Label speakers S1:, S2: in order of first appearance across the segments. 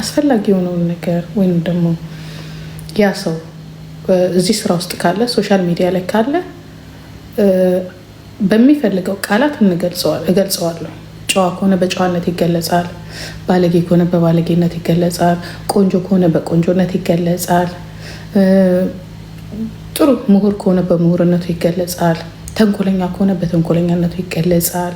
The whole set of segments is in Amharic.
S1: አስፈላጊ የሆነውን ነገር ወይም ደግሞ ያ ሰው እዚህ ስራ ውስጥ ካለ ሶሻል ሚዲያ ላይ ካለ በሚፈልገው ቃላት እገልጸዋለሁ። ጨዋ ከሆነ በጨዋነት ይገለጻል። ባለጌ ከሆነ በባለጌነት ይገለጻል። ቆንጆ ከሆነ በቆንጆነት ይገለጻል። ጥሩ ምሁር ከሆነ በምሁርነቱ ይገለጻል። ተንኮለኛ ከሆነ በተንኮለኛነቱ ይገለጻል።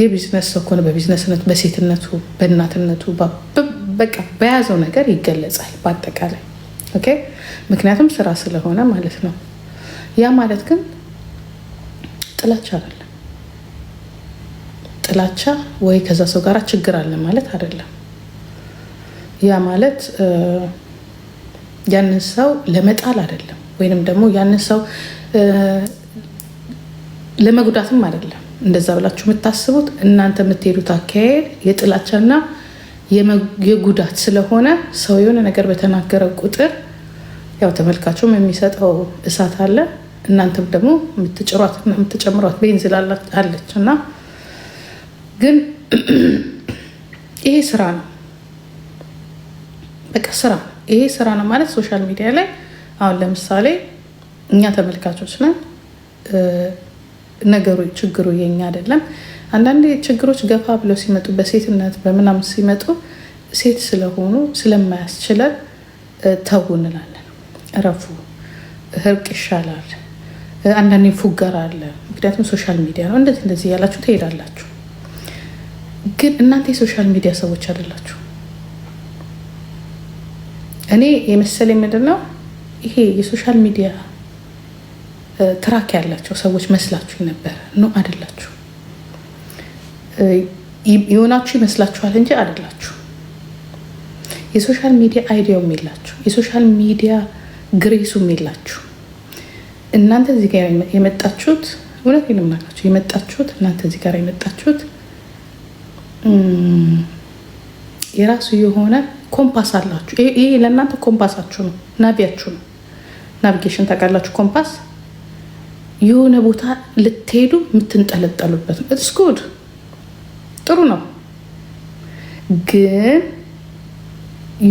S1: የቢዝነስ ሰው ከሆነ በቢዝነስነቱ፣ በሴትነቱ፣ በእናትነቱ በቃ በያዘው ነገር ይገለጻል በአጠቃላይ ኦኬ። ምክንያቱም ስራ ስለሆነ ማለት ነው። ያ ማለት ግን ጥላቻ አይደለም። ጥላቻ ወይ ከዛ ሰው ጋር ችግር አለ ማለት አይደለም። ያ ማለት ያንን ሰው ለመጣል አይደለም፣ ወይንም ደግሞ ያንን ሰው ለመጉዳትም አይደለም። እንደዛ ብላችሁ የምታስቡት እናንተ የምትሄዱት አካሄድ የጥላቻና የጉዳት ስለሆነ ሰው የሆነ ነገር በተናገረ ቁጥር ያው ተመልካቹም የሚሰጠው እሳት አለ፣ እናንተም ደግሞ የምትጭሯትና የምትጨምሯት ቤንዝል አለች እና ግን ይሄ ስራ ነው፣ በቃ ስራ ይሄ ስራ ነው ማለት ሶሻል ሚዲያ ላይ አሁን ለምሳሌ እኛ ተመልካቾች ነን። ነገሩ ችግሩ የኛ አይደለም። አንዳንድ ችግሮች ገፋ ብለው ሲመጡ በሴትነት በምናምን ሲመጡ ሴት ስለሆኑ ስለማያስችለን ተው እንላለን። እረፉ፣ እርቅ ይሻላል። አንዳንዴ ፉገር አለ። ምክንያቱም ሶሻል ሚዲያ ነው። እንደዚህ እንደዚህ እያላችሁ ትሄዳላችሁ። ግን እናንተ የሶሻል ሚዲያ ሰዎች አይደላችሁ። እኔ የመሰለኝ ምንድን ነው ይሄ የሶሻል ሚዲያ ትራክ ያላቸው ሰዎች መስላችሁ ነበረ። ኖ አይደላችሁ፣ የሆናችሁ ይመስላችኋል እንጂ አይደላችሁ። የሶሻል ሚዲያ አይዲያውም የላችሁ፣ የሶሻል ሚዲያ ግሬሱም የላችሁ። እናንተ እዚህ ጋር የመጣችሁት እውነት ልምናላችሁ የመጣችሁት እናንተ እዚህ ጋር የመጣችሁት የራሱ የሆነ ኮምፓስ አላችሁ። ይሄ ለእናንተ ኮምፓሳችሁ ነው፣ ናቢያችሁ ነው። ናቪጌሽን ታውቃላችሁ ኮምፓስ የሆነ ቦታ ልትሄዱ የምትንጠለጠሉበት ነው። ኢትስ ጉድ ጥሩ ነው። ግን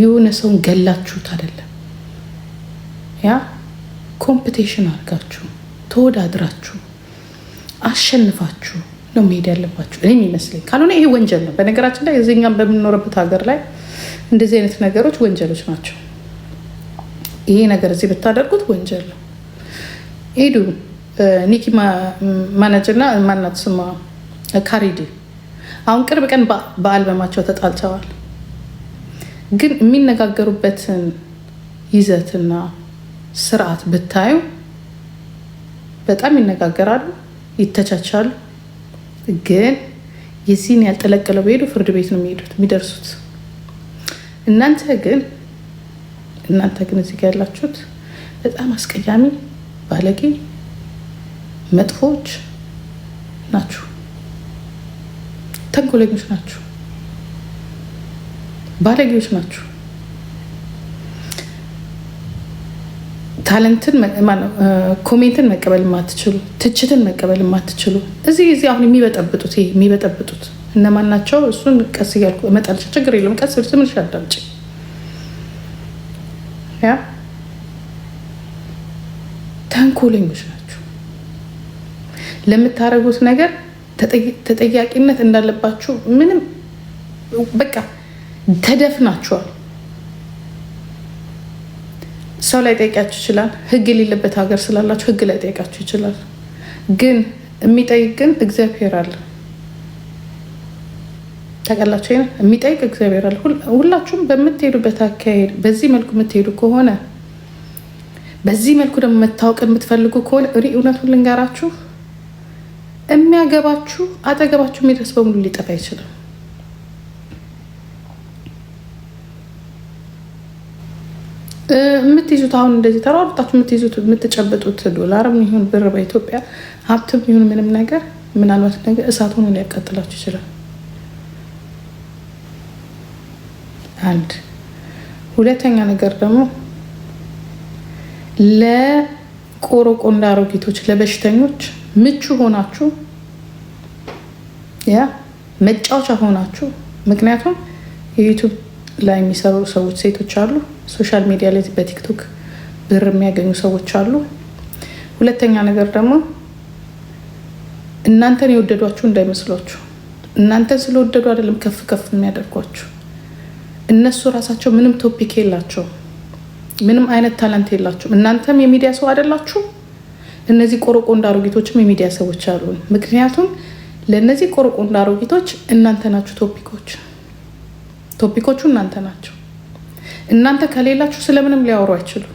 S1: የሆነ ሰውን ገላችሁት አይደለም፣ ያ ኮምፒቴሽን አድርጋችሁ ተወዳድራችሁ አሸንፋችሁ ነው መሄድ ያለባችሁ እኔም ይመስለኝ። ካልሆነ ይሄ ወንጀል ነው። በነገራችን ላይ እዚኛም በምንኖርበት ሀገር ላይ እንደዚህ አይነት ነገሮች ወንጀሎች ናቸው። ይሄ ነገር እዚህ ብታደርጉት ወንጀል ነው። ሄዱ ኒኪ ማናጅና ማናት ስማ ካሪዲ አሁን ቅርብ ቀን በአልበማቸው ተጣልተዋል። ግን የሚነጋገሩበትን ይዘትና ስርዓት ብታዩ በጣም ይነጋገራሉ፣ ይተቻቻሉ። ግን የዚህን ያልጠለቀለው በሄዱ ፍርድ ቤት ነው የሚሄዱት የሚደርሱት። እናንተ ግን እናንተ ግን እዚህ ጋ ያላችሁት በጣም አስቀያሚ ባለጌ መጥፎዎች ናችሁ፣ ተንኮለኞች ናችሁ፣ ባለጌዎች ናችሁ። ታለንትን ኮሜንትን መቀበል የማትችሉ ትችትን መቀበል የማትችሉ እዚህ ጊዜ አሁን የሚበጠብጡት ይሄ የሚበጠብጡት እነማን ናቸው? እሱን ቀስ እያልኩ እመጣልሽ። ችግር የለውም። ቀስ ብለሽ ትንሽ አዳምጪ። ያ ተንኮለኞች ናቸው። ለምታደርጉት ነገር ተጠያቂነት እንዳለባችሁ ምንም በቃ ተደፍናችኋል። ሰው ላይ ጠይቃችሁ ይችላል። ህግ የሌለበት ሀገር ስላላችሁ ህግ ላይ ጠይቃችሁ ይችላል። ግን የሚጠይቅ ግን እግዚአብሔር አለ። ታውቃላችሁ፣ የሚጠይቅ እግዚአብሔር አለ። ሁላችሁም በምትሄዱበት አካሄድ በዚህ መልኩ የምትሄዱ ከሆነ በዚህ መልኩ ደግሞ መታወቅ የምትፈልጉ ከሆነ እሪ እውነቱን ልንገራችሁ የሚያገባችሁ አጠገባችሁ የሚደርስ በሙሉ ሊጠፋ አይችልም። የምትይዙት አሁን እንደዚህ ተሯሩጣችሁ የምትይዙት የምትጨብጡት ዶላርም ይሁን ብር በኢትዮጵያ ሀብትም ይሁን ምንም ነገር ምናልባት ነገር እሳት ሆኖ ሊያቃጥላችሁ ይችላል። አንድ ሁለተኛ ነገር ደግሞ ለቆሮቆንዳ አሮጊቶች ለበሽተኞች ምቹ ሆናችሁ ያ መጫወቻ ሆናችሁ። ምክንያቱም የዩቱብ ላይ የሚሰሩ ሰዎች ሴቶች አሉ፣ ሶሻል ሚዲያ ላይ በቲክቶክ ብር የሚያገኙ ሰዎች አሉ። ሁለተኛ ነገር ደግሞ እናንተን የወደዷችሁ እንዳይመስሏችሁ። እናንተን ስለወደዱ አይደለም ከፍ ከፍ የሚያደርጓችሁ። እነሱ ራሳቸው ምንም ቶፒክ የላቸውም፣ ምንም አይነት ታላንት የላቸውም። እናንተም የሚዲያ ሰው አይደላችሁ እነዚህ ቆርቆ እንዳሮጊቶችም የሚዲያ ሰዎች አሉ። ምክንያቱም ለእነዚህ ቆርቆ አሮጊቶች እናንተ ናችሁ ቶፒኮች፣ ቶፒኮቹ እናንተ ናቸው። እናንተ ከሌላችሁ ስለምንም ሊያወሩ አይችሉ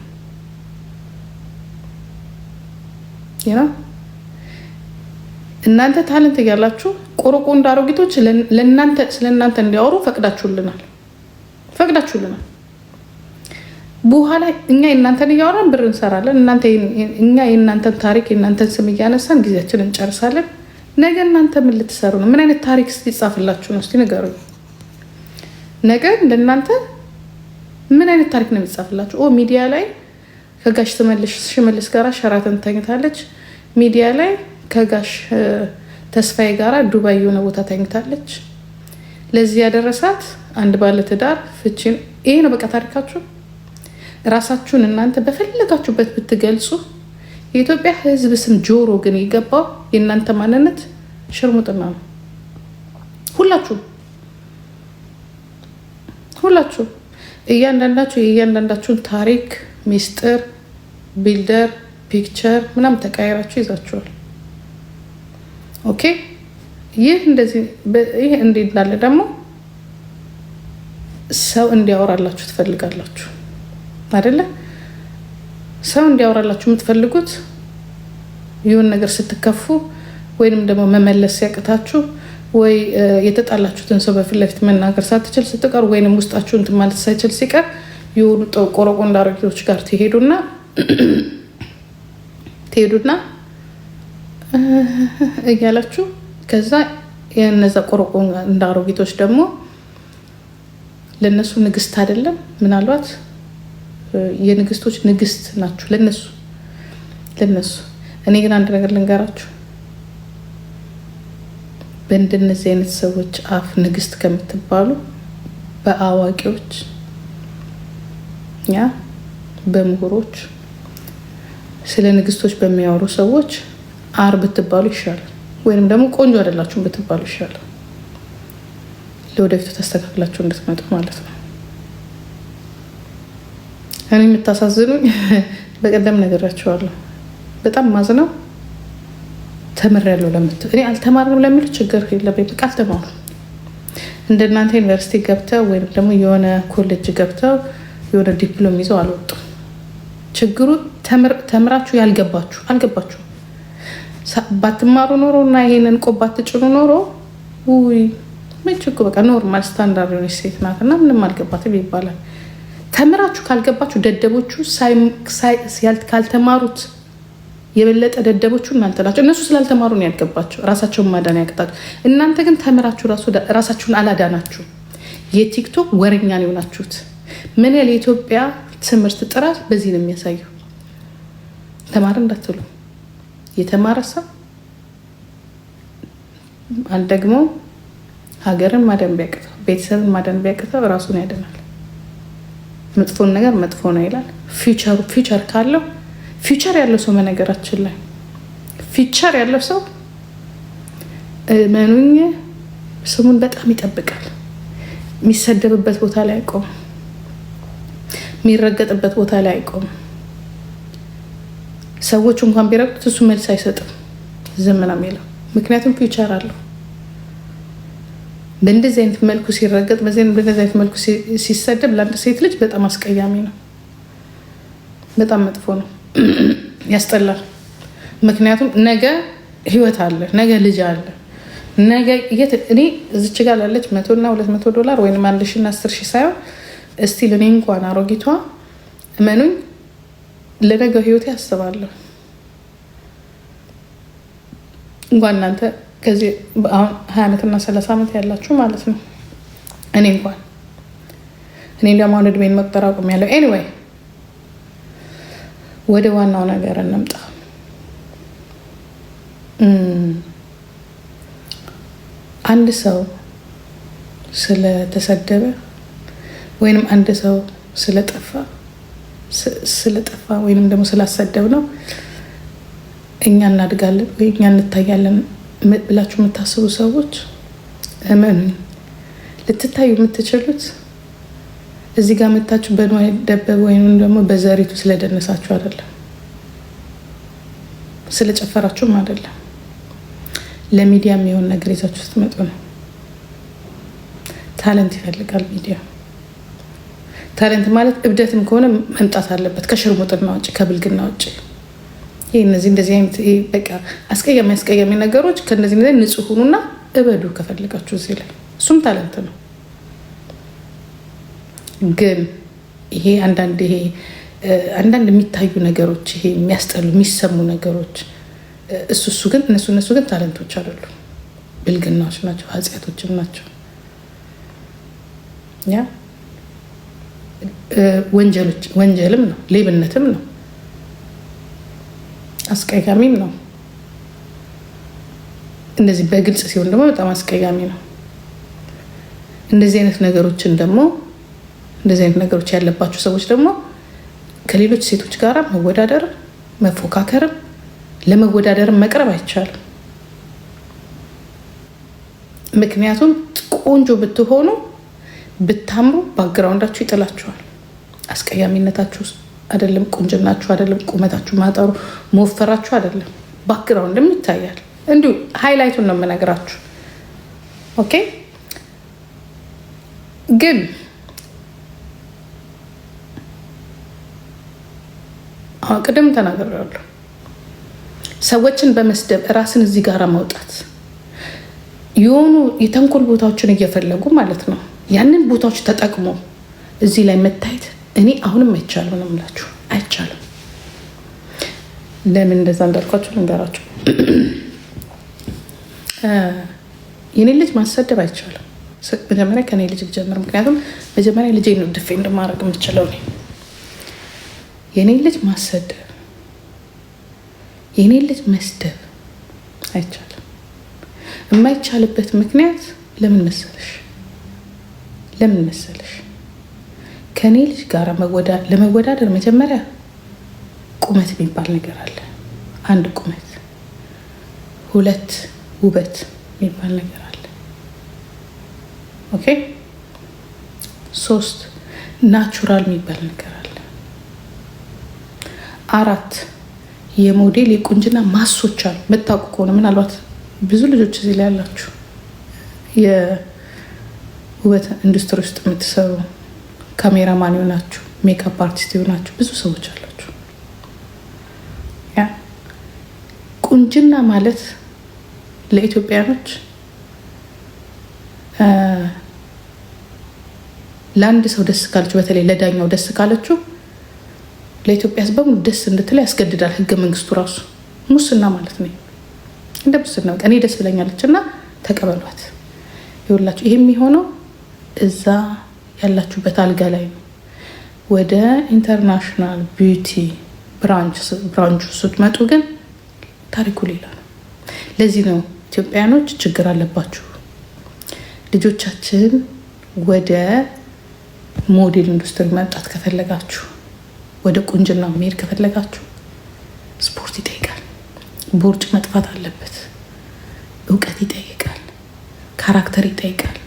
S1: እናንተ ታለንት እያላችሁ ቆረቆንዳ አሮጊቶች ስለእናንተ እንዲያወሩ ፈቅዳችሁልናል፣ ፈቅዳችሁልናል። በኋላ እኛ የእናንተን እያወራን ብር እንሰራለን። እኛ የእናንተን ታሪክ የእናንተን ስም እያነሳን ጊዜያችን እንጨርሳለን። ነገ እናንተ ምን ልትሰሩ ነው? ምን አይነት ታሪክ ሊጻፍላችሁ ነው? እስኪ ንገሩኝ። ነገ እንደናንተ ምን አይነት ታሪክ ነው የሚጻፍላችሁ? ኦ ሚዲያ ላይ ከጋሽ ሽመልስ ጋራ ሸራተን ተኝታለች፣ ሚዲያ ላይ ከጋሽ ተስፋዬ ጋራ ዱባይ የሆነ ቦታ ተኝታለች፣ ለዚህ ያደረሳት አንድ ባለትዳር ፍቺን። ይሄ ነው በቃ ታሪካችሁ። ራሳችሁን እናንተ በፈለጋችሁበት ብትገልጹ የኢትዮጵያ ሕዝብ ስም ጆሮ ግን የገባው የእናንተ ማንነት ሽርሙጥና ነው። ሁላችሁ ሁላችሁ እያንዳንዳችሁ የእያንዳንዳችሁን ታሪክ፣ ሚስጥር፣ ቢልደር፣ ፒክቸር ምናምን ተቀያይራችሁ ይዛችኋል። ኦኬ ይህ እንደዚህ ይህ እንዲህ እንዳለ ደግሞ ሰው እንዲያወራላችሁ ትፈልጋላችሁ። አይደለ? ሰው እንዲያወራላችሁ የምትፈልጉት ይሁን ነገር ስትከፉ ወይንም ደግሞ መመለስ ሲያቅታችሁ ወይ የተጣላችሁትን ሰው በፊት ለፊት መናገር ሳትችል ስትቀር ወይንም ውስጣችሁን እንትን ማለት ሳይችል ሲቀር የሆኑ ቆረቆንዳ አሮጌቶች ጋር ትሄዱና ትሄዱና እያላችሁ ከዛ የነዛ ቆረቆ አሮጌቶች ደግሞ ለእነሱ ንግስት አይደለም ምናልባት የንግስቶች ንግስት ናችሁ ለነሱ ለነሱ። እኔ ግን አንድ ነገር ልንገራችሁ፣ በእንደነዚህ አይነት ሰዎች አፍ ንግስት ከምትባሉ በአዋቂዎች ያ በምሁሮች ስለ ንግስቶች በሚያወሩ ሰዎች አር ብትባሉ ይሻላል፣ ወይንም ደግሞ ቆንጆ አይደላችሁም ብትባሉ ይሻላል። ለወደፊቱ ተስተካክላችሁ እንድትመጡ ማለት ነው። እኔ የምታሳዝኑኝ በቀደም ነገራቸዋለሁ። በጣም ማዝነው ተምሬያለሁ ለምት እኔ አልተማርም ለሚሉ ችግር የለብኝ። በቃ አልተማርንም። እንደናንተ ዩኒቨርሲቲ ገብተው ወይም ደግሞ የሆነ ኮሌጅ ገብተው የሆነ ዲፕሎም ይዘው አልወጡም። ችግሩ ተምራችሁ ያልገባችሁ አልገባችሁ። ባትማሩ ኖሮ እና ይሄንን ቆብ ባትጭኑ ኖሮ ውይ ምን ችግሩ በቃ ኖርማል ስታንዳርድ የሆነች ሴት ናት እና ምንም አልገባትም ይባላል። ተምራችሁ ካልገባችሁ ደደቦቹ ካልተማሩት የበለጠ ደደቦቹ እናንተ ናቸው። እነሱ ስላልተማሩ ነው ያልገባቸው፣ ራሳቸውን ማዳን ያቅጣቸው። እናንተ ግን ተምራችሁ ራሳችሁን አላዳናችሁ፣ የቲክቶክ ወረኛ ነው የሆናችሁት። ምን ያህል የኢትዮጵያ ትምህርት ጥራት በዚህ ነው የሚያሳየው። ተማረ እንዳትሉ የተማረ ሰው ደግሞ ሀገርን ማዳን ቢያቅተው፣ ቤተሰብን ማዳን ቢያቅተው ራሱን ያደናል። መጥፎን ነገር መጥፎ ነው ይላል። ፊቸሩ ፊቸር ካለው ፊቸር ያለው ሰው መነገራችን ላይ ፊቸር ያለው ሰው መኑኝ ስሙን በጣም ይጠብቃል። የሚሰደብበት ቦታ ላይ አይቆምም። የሚረገጥበት ቦታ ላይ አይቆምም። ሰዎች እንኳን ቢረግጡት እሱ መልስ አይሰጥም፣ ዝም ነው የሚለው። ምክንያቱም ፊቸር አለው። በእንደዚህ አይነት መልኩ ሲረገጥ፣ በእንደዚህ አይነት መልኩ ሲሰደብ ለአንድ ሴት ልጅ በጣም አስቀያሚ ነው። በጣም መጥፎ ነው። ያስጠላል። ምክንያቱም ነገ ህይወት አለ፣ ነገ ልጅ አለ። ነገ እኔ እዚች ጋር ላለች መቶ እና ሁለት መቶ ዶላር ወይም አንድ ሺና አስር ሺ ሳይሆን እስቲል እኔ እንኳን አሮጊቷ እመኑኝ ለነገው ህይወቴ አስባለሁ። እንኳን እናንተ ከዚህ አሁን ሀያ ዓመትና ሰላሳ ዓመት ያላችሁ ማለት ነው። እኔ እንኳን እኔ ደግሞ አሁን እድሜን መቁጠር አቁም ያለው። ኤኒዌይ ወደ ዋናው ነገር እንምጣ። አንድ ሰው ስለተሰደበ ወይንም አንድ ሰው ስለጠፋ ስለጠፋ ወይንም ደግሞ ስላሰደብ ነው እኛ እናድጋለን ወይ እኛ እንታያለን ብላችሁ የምታስቡ ሰዎች እመኑ፣ ልትታዩ የምትችሉት እዚህ ጋር መታችሁ በንዋይ ደበበ ወይም ደግሞ በዘሪቱ ስለደነሳችሁ አይደለም፣ ስለጨፈራችሁም አይደለም። ለሚዲያ የሚሆን ነገር ይዛችሁ ስትመጡ ነው። ታለንት ይፈልጋል ሚዲያ። ታለንት ማለት እብደትም ከሆነ መምጣት አለበት፣ ከሽርሙጥና ውጭ፣ ከብልግና ውጭ። ይህ እነዚህ እንደዚህ አይነት በቃ አስቀያሚ አስቀያሚ ነገሮች ከእነዚህ ነ ንጹህ ሁኑና እበዱ ከፈለጋችሁ እዚህ ላይ እሱም ታለንት ነው። ግን ይሄ አንዳንድ ይሄ አንዳንድ የሚታዩ ነገሮች ይሄ የሚያስጠሉ የሚሰሙ ነገሮች እሱ እሱ ግን እነሱ እነሱ ግን ታለንቶች አይደሉም፣ ብልግናዎች ናቸው፣ ኃጢአቶችም ናቸው። ያ ወንጀልም ነው፣ ሌብነትም ነው። አስቀያሚም ነው። እንደዚህ በግልጽ ሲሆን ደግሞ በጣም አስቀያሚ ነው። እንደዚህ አይነት ነገሮችን ደግሞ እንደዚህ አይነት ነገሮች ያለባቸው ሰዎች ደግሞ ከሌሎች ሴቶች ጋር መወዳደር መፎካከርም ለመወዳደርም መቅረብ አይቻልም። ምክንያቱም ቆንጆ ብትሆኑ ብታምሩ ባግራውንዳችሁ ይጥላችኋል አስቀያሚነታችሁ አይደለም ቁንጅናችሁ አይደለም ቁመታችሁ ማጠሩ መወፈራችሁ አይደለም፣ ባክግራውንድም ይታያል። እንዲሁ ሃይላይቱን ነው የምነግራችሁ። ኦኬ ግን ቅድም ተናግሬያለሁ። ሰዎችን በመስደብ እራስን እዚህ ጋር ማውጣት የሆኑ የተንኮል ቦታዎችን እየፈለጉ ማለት ነው። ያንን ቦታዎች ተጠቅሞ እዚህ ላይ መታየት እኔ አሁንም አይቻልም ነው የምላችሁ። አይቻልም። ለምን እንደዛ እንዳልኳችሁ ልንገራችሁ። የኔ ልጅ ማሰደብ አይቻልም። መጀመሪያ ከኔ ልጅ ልጀምር። ምክንያቱም መጀመሪያ ልጄ ነው ድፌ እንደማድረግ የምችለው እኔ የኔ ልጅ ማሰደብ የኔ ልጅ መስደብ አይቻልም። የማይቻልበት ምክንያት ለምን መሰለሽ? ለምን መሰለሽ ከእኔ ልጅ ጋር ለመወዳደር መጀመሪያ ቁመት የሚባል ነገር አለ። አንድ ቁመት፣ ሁለት ውበት የሚባል ነገር አለ። ኦኬ። ሶስት ናቹራል የሚባል ነገር አለ። አራት የሞዴል የቁንጅና ማሶች አሉ። መታወቁ ከሆነ ምናልባት ብዙ ልጆች እዚህ ላይ ያላችሁ የውበት ኢንዱስትሪ ውስጥ የምትሰሩ ካሜራማን የሆናችሁ፣ ሜካፕ አርቲስት የሆናችሁ ብዙ ሰዎች አላችሁ። ያ ቁንጅና ማለት ለኢትዮጵያኖች ለአንድ ሰው ደስ ካለችው በተለይ ለዳኛው ደስ ካለችው ለኢትዮጵያ ሕዝብ በሙሉ ደስ እንድትለ ያስገድዳል ህገ መንግስቱ ራሱ። ሙስና ማለት ነው። እንደ ሙስና እኔ ደስ ብለኛለች እና ተቀበሏት ይሁላችሁ። ይሄ የሚሆነው እዛ ያላችሁበት አልጋ ላይ ነው። ወደ ኢንተርናሽናል ቢዩቲ ብራንቹ ስትመጡ ግን ታሪኩ ሌላ ነው። ለዚህ ነው ኢትዮጵያኖች ችግር አለባችሁ። ልጆቻችን ወደ ሞዴል ኢንዱስትሪ መምጣት ከፈለጋችሁ፣ ወደ ቁንጅና መሄድ ከፈለጋችሁ ስፖርት ይጠይቃል። ቦርጭ መጥፋት አለበት። እውቀት ይጠይቃል። ካራክተር ይጠይቃል።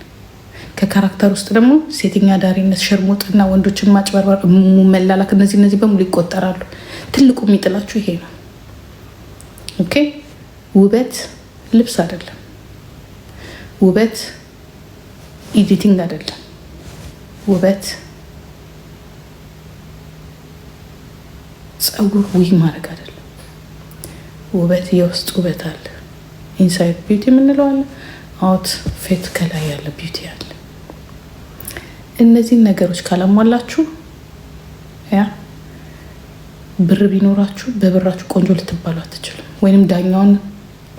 S1: ከካራክተር ውስጥ ደግሞ ሴተኛ አዳሪነት፣ ሸርሞጥና፣ ወንዶችን ማጭበርበር፣ መላላክ እነዚህ እነዚህ በሙሉ ይቆጠራሉ። ትልቁ የሚጥላችሁ ይሄ ነው። ኦኬ ውበት ልብስ አይደለም። ውበት ኢዲቲንግ አይደለም። ውበት ፀጉር ውይ ማድረግ አይደለም። ውበት የውስጥ ውበት አለ። ኢንሳይድ ቢዩቲ የምንለው አውት ፌት ከላይ ያለ ቢዩቲ አለ። እነዚህን ነገሮች ካላሟላችሁ ያ ብር ቢኖራችሁ በብራችሁ ቆንጆ ልትባሉ አትችሉም። ወይንም ዳኛውን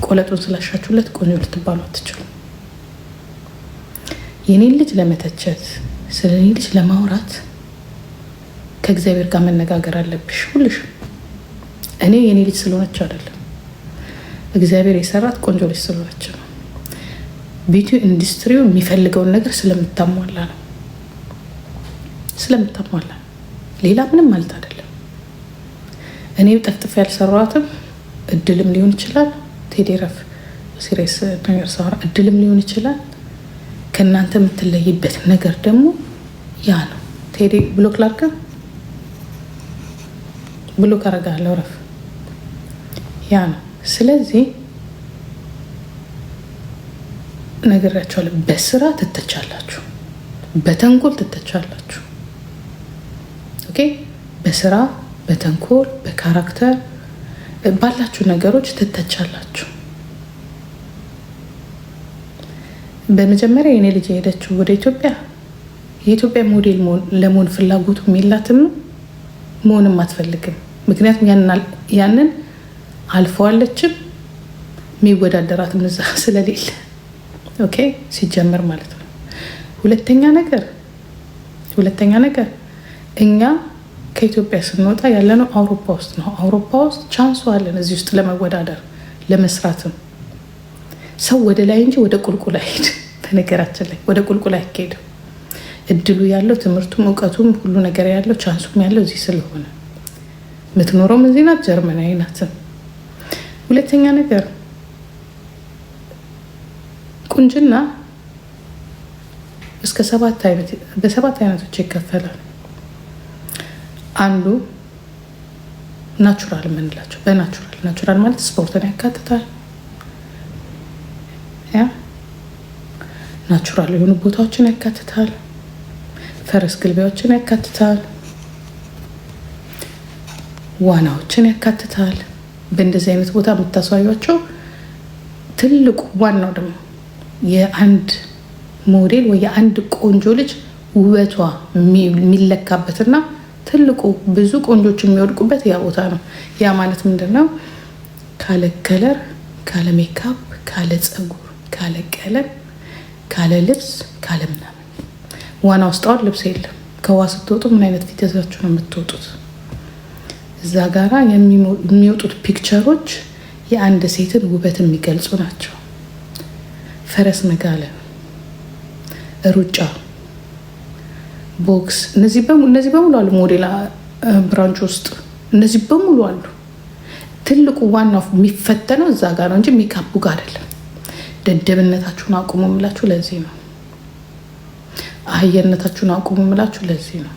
S1: ቆለጡን ስላሻችሁለት ቆንጆ ልትባሉ አትችሉም። የኔን ልጅ ለመተቸት ስለ እኔ ልጅ ለማውራት ከእግዚአብሔር ጋር መነጋገር አለብሽ። ሁልሽም እኔ የኔ ልጅ ስለሆነች አይደለም እግዚአብሔር የሰራት ቆንጆ ልጅ ስለሆነች ነው። ቢቱ ኢንዱስትሪው የሚፈልገውን ነገር ስለምታሟላ ነው። ስለምታሟላ ሌላ ምንም ማለት አይደለም። እኔ ጠፍጥፍ ያልሰሯትም እድልም ሊሆን ይችላል። ቴዴረፍ ሲሬስ ነገር ሰራ እድልም ሊሆን ይችላል። ከእናንተ የምትለይበት ነገር ደግሞ ያ ነው። ቴዴ ብሎክ ላድርግ ብሎክ አደርጋለሁ። ረፍ ያ ነው። ስለዚህ ነግሬያቸዋለሁ። በስራ ትተቻላችሁ፣ በተንኮል ትተቻላችሁ። ኦኬ በስራ በተንኮል በካራክተር ባላችሁ ነገሮች ትተቻላችሁ። በመጀመሪያ የኔ ልጅ የሄደችው ወደ ኢትዮጵያ የኢትዮጵያ ሞዴል ለመሆን ፍላጎቱ የላትም መሆንም አትፈልግም። ምክንያቱም ያንን አልፈዋለችም የሚወዳደራትም እዛ ስለሌለ ኦኬ ሲጀምር ማለት ነው። ሁለተኛ ነገር ሁለተኛ ነገር እኛ ከኢትዮጵያ ስንወጣ ያለነው አውሮፓ ውስጥ ነው። አውሮፓ ውስጥ ቻንሱ አለን እዚህ ውስጥ ለመወዳደር ለመስራትም። ሰው ወደ ላይ እንጂ ወደ ቁልቁል አይሄድ። በነገራችን ላይ ወደ ቁልቁል አይሄድም። እድሉ ያለው ትምህርቱም እውቀቱም ሁሉ ነገር ያለው ቻንሱም ያለው እዚህ ስለሆነ የምትኖረውም እዚህ ናት፣ ጀርመናዊ ናትም። ሁለተኛ ነገር ቁንጅና እስከ ሰባት በሰባት አይነቶች ይከፈላል። አንዱ ናቹራል የምንላቸው በናቹራል ናቹራል ማለት ስፖርትን ያካትታል። ያ ናቹራል የሆኑ ቦታዎችን ያካትታል። ፈረስ ግልቢያዎችን ያካትታል። ዋናዎችን ያካትታል። በእንደዚህ አይነት ቦታ የምታሳዩቸው ትልቁ ዋናው ደግሞ የአንድ ሞዴል ወይ የአንድ ቆንጆ ልጅ ውበቷ የሚለካበትና ትልቁ ብዙ ቆንጆች የሚወድቁበት ያ ቦታ ነው። ያ ማለት ምንድን ነው? ካለ ከለር፣ ካለ ሜካፕ፣ ካለ ፀጉር፣ ካለ ቀለም፣ ካለ ልብስ፣ ካለ ምናምን ዋና ውስጠዋል። ልብስ የለም። ከዋ ስትወጡ ምን አይነት ፊት ይዛችሁ ነው የምትወጡት? እዛ ጋራ የሚወጡት ፒክቸሮች የአንድ ሴትን ውበት የሚገልጹ ናቸው። ፈረስ መጋለ ሩጫ ቦክስ፣ እነዚህ በሙሉ አሉ። ሞዴላ ብራንች ውስጥ እነዚህ በሙሉ አሉ። ትልቁ ዋናው የሚፈተነው እዛ ጋር ነው እንጂ ሜካፑ ጋር አይደለም። ደደብነታችሁን አቁሙ የምላችሁ ለዚህ ነው። አህየነታችሁን አቁሙ የምላችሁ ለዚህ ነው።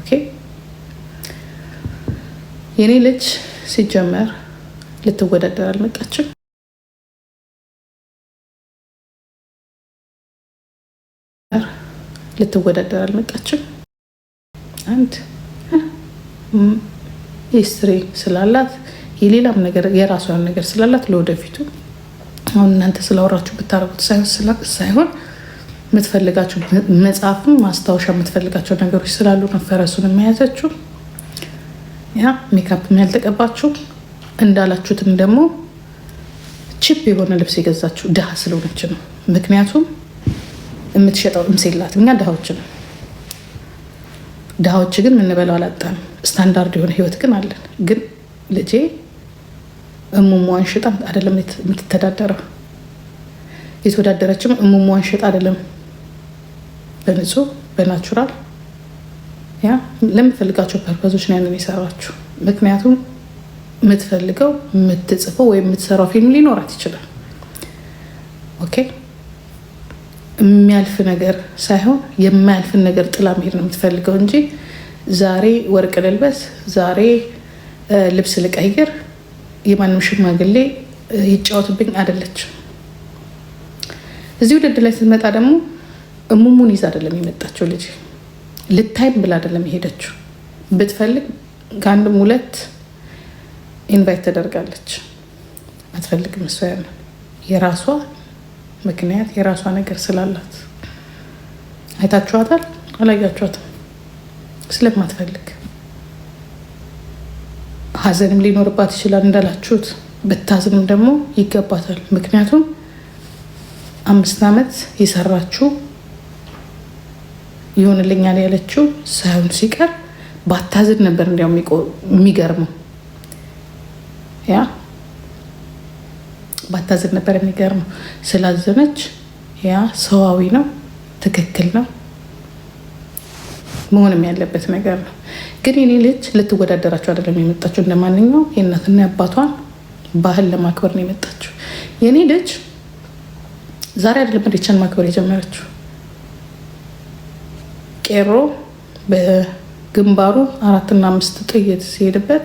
S1: ኦኬ የኔ ልጅ ሲጀመር ልትወዳደር አልመጣችም። ልትወዳደር አልመጣችም። አንድ ሂስትሪ ስላላት የሌላም ነገር የራሷን ነገር ስላላት ለወደፊቱ አሁን እናንተ ስላወራችሁ ብታረጉት ሳይሆን የምትፈልጋቸው መጽሐፍም ማስታወሻ የምትፈልጋቸው ነገሮች ስላሉ መፈረሱን ፈረሱን ያ ሜካፕ ያልተቀባችሁ እንዳላችሁትም ደግሞ ቺፕ የሆነ ልብስ የገዛችሁ ድሃ ስለሆነች ነው። ምክንያቱም የምትሸጠው ጥምስ የላትም። እኛ ድሃዎች ነው። ድሃዎች ግን የምንበለው አላጣንም። ስታንዳርድ የሆነ ህይወት ግን አለን። ግን ልጄ እሙሟን ሽጣ አይደለም የምትተዳደረው። የተወዳደረችም እሙሟን ሽጣ አይደለም፣ በንጹህ በናቹራል ያ ለምትፈልጋቸው ፐርፐዞች ነው ያንን የሰራችሁ። ምክንያቱም የምትፈልገው የምትጽፈው ወይም የምትሰራው ፊልም ሊኖራት ይችላል። ኦኬ የሚያልፍ ነገር ሳይሆን የማያልፍን ነገር ጥላ መሄድ ነው የምትፈልገው እንጂ ዛሬ ወርቅ ልልበስ፣ ዛሬ ልብስ ልቀይር፣ የማንም ሽማግሌ ይጫወትብኝ አይደለች። እዚህ ውድድር ላይ ስትመጣ ደግሞ እሙሙን ይዛ አይደለም የመጣችው ልጅ ልታይም ብላ አይደለም የሄደችው። ብትፈልግ ከአንድም ሁለት ኢንቫይት ተደርጋለች። አትፈልግም። እሷ ያለ የራሷ ምክንያት የራሷ ነገር ስላላት አይታችኋታል? አላያችኋትም? ስለማትፈልግ ሀዘንም ሊኖርባት ይችላል እንዳላችሁት። ብታዝንም ደግሞ ይገባታል። ምክንያቱም አምስት ዓመት የሰራችው ይሆንልኛል ያለችው ሳይሆን ሲቀር ባታዝን ነበር። እንዲያው የሚገርመው ያ ባታዝን ነበር የሚገርመው። ስላዘነች ያ ሰዋዊ ነው፣ ትክክል ነው፣ መሆንም ያለበት ነገር ነው። ግን የኔ ልጅ ልትወዳደራቸው አይደለም የመጣችው። እንደማንኛው የእናትና የአባቷን ባህል ለማክበር ነው የመጣችው። የኔ ልጅ ዛሬ አይደለም ኢሬቻን ማክበር የጀመረችው። ቄሮ በግንባሩ አራትና አምስት ጥይት ሲሄድበት